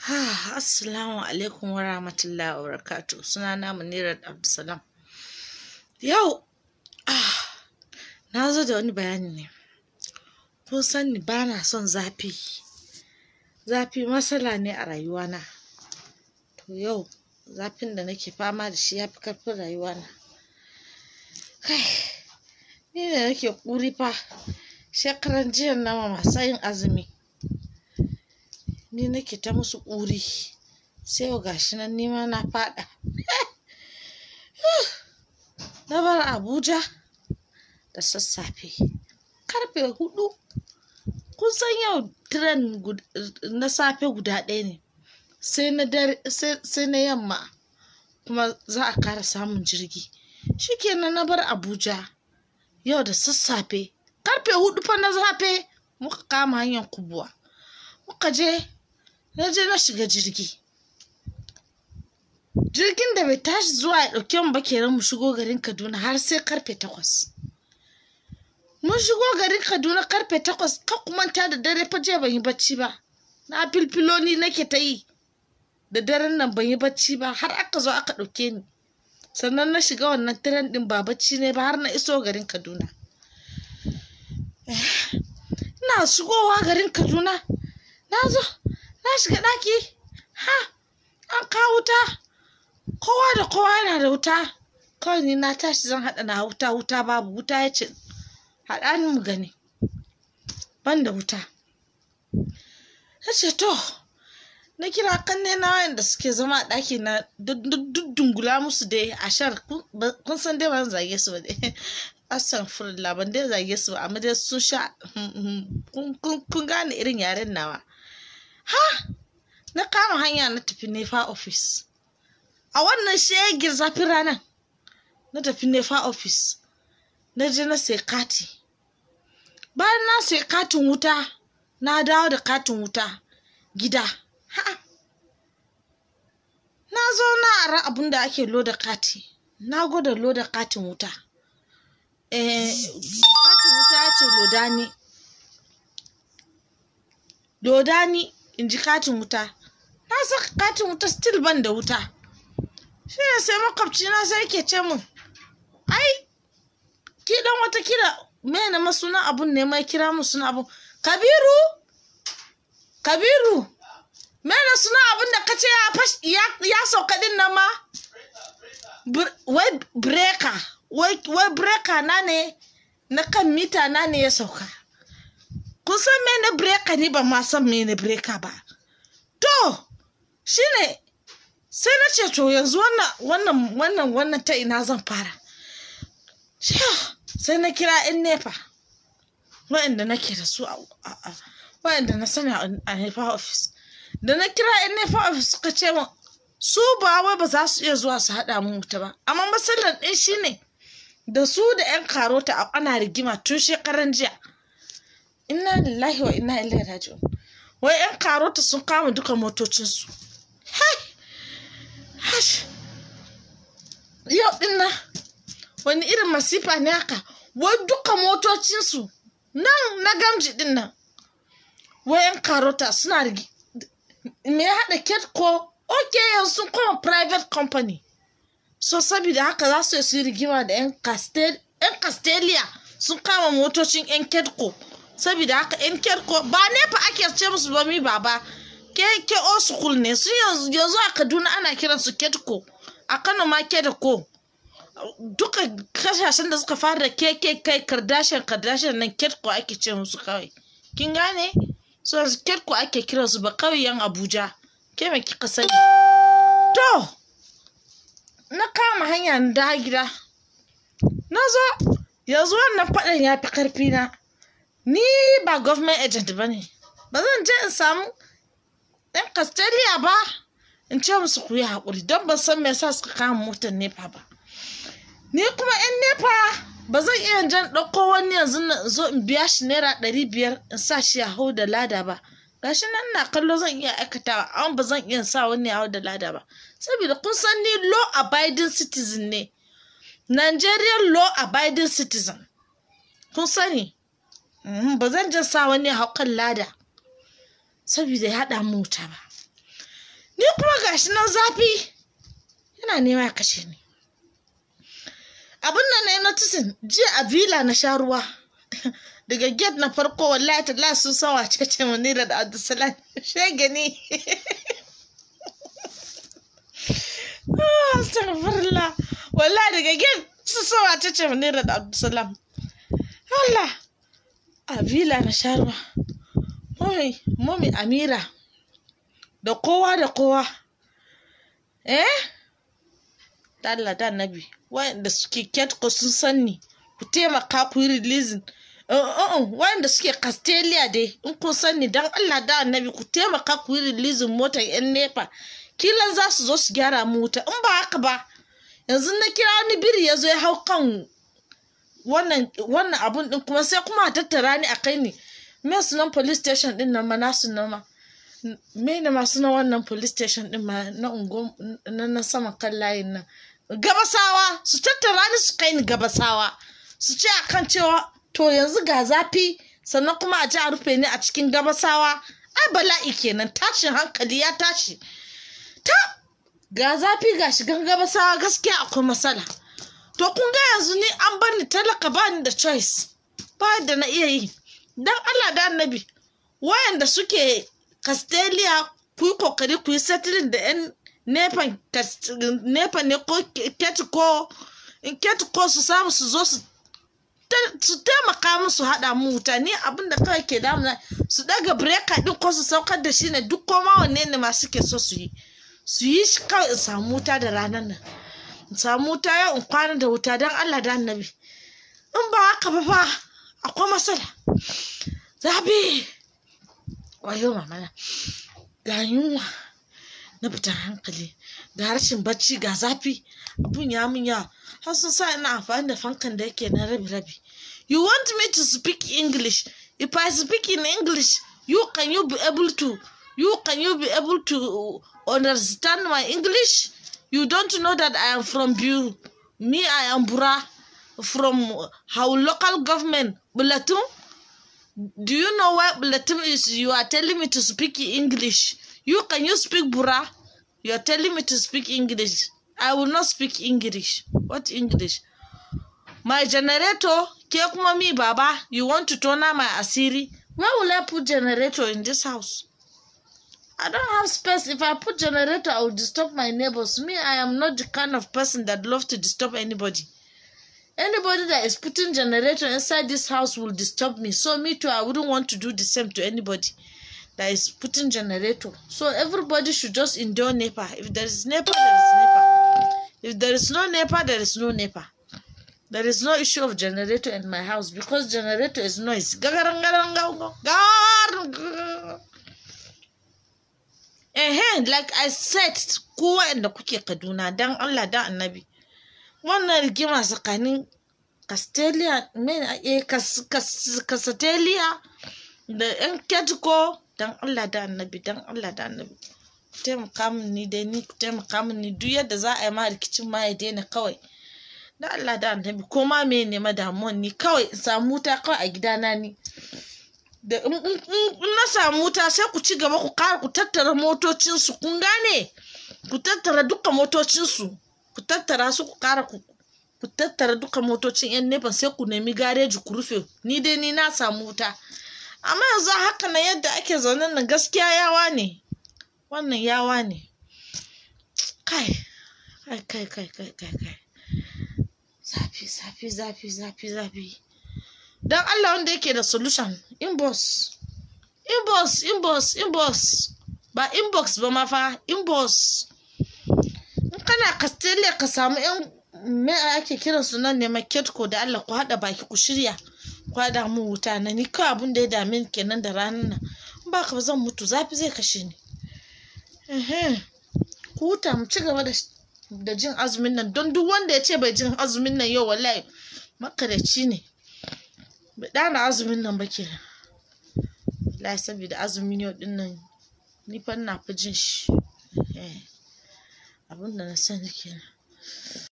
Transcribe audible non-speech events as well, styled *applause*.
*sighs* Assalamu alaikum wa rahmatullahi wa barakatu. Suna na Munirat Abdulsalam. Yau, ah, na zo da wani bayani ne. Kun sani ba na son zafi. Zafi matsala ne a rayuwana. To yau, zafin da nake fama da shi ya fi karfin rayuwana. Kai, ni da nake ƙuri fa. Shekaran jiya nama masu yin azumi. ni nake ta musu ƙuri sai yau gashi nan nima na faɗa *sighs* na bar abuja da sassafe karfe hudu kun san yau tren na safe guda ɗaya ne sai na yamma kuma za a kara samun jirgi shikenan na bar abuja yau da sassafe karfe hudu fa na safe muka kama hanyar kubuwa muka je na je na shiga jirgi jirgin da bai tashi zuwa ya ɗauki mu ba kenan mu shigo garin kaduna har sai karfe takwas mun shigo garin kaduna karfe takwas ka kumanta da dare fa je ban yi bacci ba na filfiloni nake ta yi da daren nan ban yi bacci ba har aka zo aka ɗauke ni sannan na shiga wannan tiren ɗin ba bacci ne ba har na iso garin kaduna eh, ina shigowa garin kaduna na zo na shiga ɗaki ha an kawo wuta kowa da kowa yana da wuta kawai ni na tashi zan haɗa na wuta wuta babu wuta ya ce ni mu gani ban da wuta ya ce to na kira kanne na wayanda suke zama a ɗaki na dungula musu dai a shar kun san dai ban zage su ba dai *laughs* astaghfirullah ban dai zage su ba amma dai sun sha hmm, hmm, hmm. kun gane irin yaren nawa ha na kama hanya na tafi nefa ofis a wannan shegir zafin ranar na tafi nefa ofis na je na sai kati bayan na sai katin wuta na dawo da katin wuta gida ha na zo na ara abin da ake loda kati na gwada loda katin wuta eh katin wuta ya ce loda ni loda ni in ji katin wuta na saka katin wuta still ban da wuta shi ne sai makwabci na sai ke ce mun ai ki dan wata kira mene ma sunan abun ne mai kira mu suna abun kabiru kabiru mene sunan abun da kace ya ya sauka din nan ma wai breaker wai breaker na ne na kan mita na ne ya sauka kun san me na breka ni ba ma san na breka ba to shine sai na ce to yanzu wannan wannan wannan wannan ta ina zan fara sai na kira in nefa. waɗanda nake da su a waɗanda na sani a nefa office da na kira in nefa office suka ce min su ba wai ba za su iya zuwa su haɗa mu wuta ba amma matsalar ɗin shine da su da 'yan karota a ana rigima tun shekaran jiya inna lillahi wa inna ilaihi raji'un wai yan karota sun kama duka motocinsu yau dinna wani irin masifa ne haka wai duka motocinsu nan na gamji dinnan wai yan karota suna da me ya haɗa ket ko ok yanzu sun koma private company so saboda haka za su yi rigima da yan castelia sun kama motocin yan ketko saboda haka yan kyar ko ba nefa ake ce musu ba mi baba ke ke o school ne su yanzu yanzu a Kaduna ana kiransu ketko a Kano ma ko. duka kasashen da suka fara keke kai kardashin kardashin nan ketko ake ce musu kawai kin gane su yanzu ketko ake kiransu ba kauyen Abuja ke mai kika sani to na kama hanya na gida na zo yanzu wannan faɗin ya fi ƙarfi na ni ba government agent ba ne ba zan je in samu ɗan kastaliya ba in ce musu ku yi haƙuri don ba san me yasa suka kama motar nepa ba ni kuma yan nepa ba zan iya jan ɗauko wani yanzu na zo in biya shi naira ɗari biyar in sa shi ya hau da lada ba gashi nan na kallo zan iya aikatawa amma ba zan iya sa wani ya hau da lada ba saboda kun san ni law abiding citizen ne Nigerian law abiding citizen kun sani Mm, ba zan jin sa wani haukan lada saboda ya haɗa mota ba ni kuma gashi nan zafi yana nema ya kashe ni abin nan na yi notisin jiya a villa na sha ruwa *laughs* daga gate na farko wallahi ta lasu sawa ce ce munira da abdulsalam *laughs* shege ne *laughs* ah, astagfirullah wallahi daga gate su sawa ce ce munira da abdulsalam Allah a villa na sha mami mami amira da kowa da kowa eh da Allah da annabi wanda suke ketko sun sanni ku taimaka ku yi releasing eh, eh, eh, wanda suke castelia dai in kun sanni dan Allah da nabi ku taimaka ku yi releasing motar yan nepa kilan za su zo su gyara mu wuta in ba haka ba yanzu na kira wani biri ya zo ya hau kan wannan wannan abun din kuma sai kuma a tattara ni a kai ni me sunan police station din nan ma na sunan ma me ne sunan wannan police station din ma na ungo na sama kan layin nan gabasawa su tattara ni su kai ni gabasawa su ce akan cewa to yanzu ga zafi sannan kuma a ji a rufe ni a cikin gabasawa ai bala'i kenan tashin hankali ya tashi ta ga zafi ga shigan gabasawa gaskiya akwai matsala to kun ga yanzu ni an bar ni talaka ba ni da choice ba da na iya yi dan Allah da annabi wayanda suke Castelia ku yi kokari ku yi settling da yan nefa ne ko ketiko ketiko su samu su zo su taimaka musu haɗa mu wuta ni abin da kawai ke damuna su daga breaker din ko su saukar da shi ne duk koma wanne ne masu ke so su yi su yi shi kawai in samu wuta da ranar nan in samu wuta yau in kwana da wuta don Allah da annabi in ba haka ba fa akwai matsala zabi wayo mamana ga yunwa na fitar hankali Da harshen bacci ga zafi abun ya mun yawa har sun sa ina amfani da fankan da yake na rabi rabi you want me to speak english if i speak in english you can you be able to you can you be able to understand my english You don't know that I am from Bu. Me, I am Bura from how local government Bulatum. Do you know why Bulatum is? You are telling me to speak English. You can you speak Bura? You are telling me to speak English. I will not speak English. What English? My generator, Kiyokumami Baba, you want to turn on my Asiri? Where will I put generator in this house? I don't have space. If I put generator, I will disturb my neighbors. Me, I am not the kind of person that love to disturb anybody. Anybody that is putting generator inside this house will disturb me. So me too, I wouldn't want to do the same to anybody that is putting generator. So everybody should just endure NEPA. If there is NEPA, there is NEPA. If there is no NEPA, there is no NEPA. There is no issue of generator in my house because generator is noise. ehen like i said kowa waɗanda kuke kaduna dan allah dan annabi wannan rigima tsakanin castelia eh, castelia da yan ketiko dan allah da annabi dan allah da annabi ku taimaka ni da ni ku taimaka ni duk yadda za a yi ma rikicin ma ya daina kawai da allah da annabi ko ma me ne ma damuwan ni kawai in samu ta kawai a gidana ni da in na samu wuta sai ku ci gaba ku ƙara ku tattara motocinsu kun gane ku tattara duka motocinsu ku tattara su ku ƙara ku ku tattara duka motocin yan nefa sai ku nemi gareji ku rufe ni dai ni na samu wuta amma yanzu haka na yadda ake zaune nan gaskiya yawa ne wannan yawa ne kai kai kai kai kai kai zafi zafi zafi zafi zafi don Allah wanda yake da solution inbox inbox inbox inbox ba inbox ba ma fa inbox in kana kastiliya ka samu yan me ake kiran su nan ne maketko da Allah ku haɗa baki ku shirya ku haɗa mu wuta na ni kawai abin da ya dame ni kenan da ranar nan in ba ka zan mutu zafi zai kashe ni ku huta mu ci gaba da jin azumin nan don duk wanda ya ce bai jin azumin nan yau wallahi makaraci ne bai ɗana azumin nan ba kenan lai saboda azumin yau ɗin nan nifan fa fi jin shi eh, abinda na sani kenan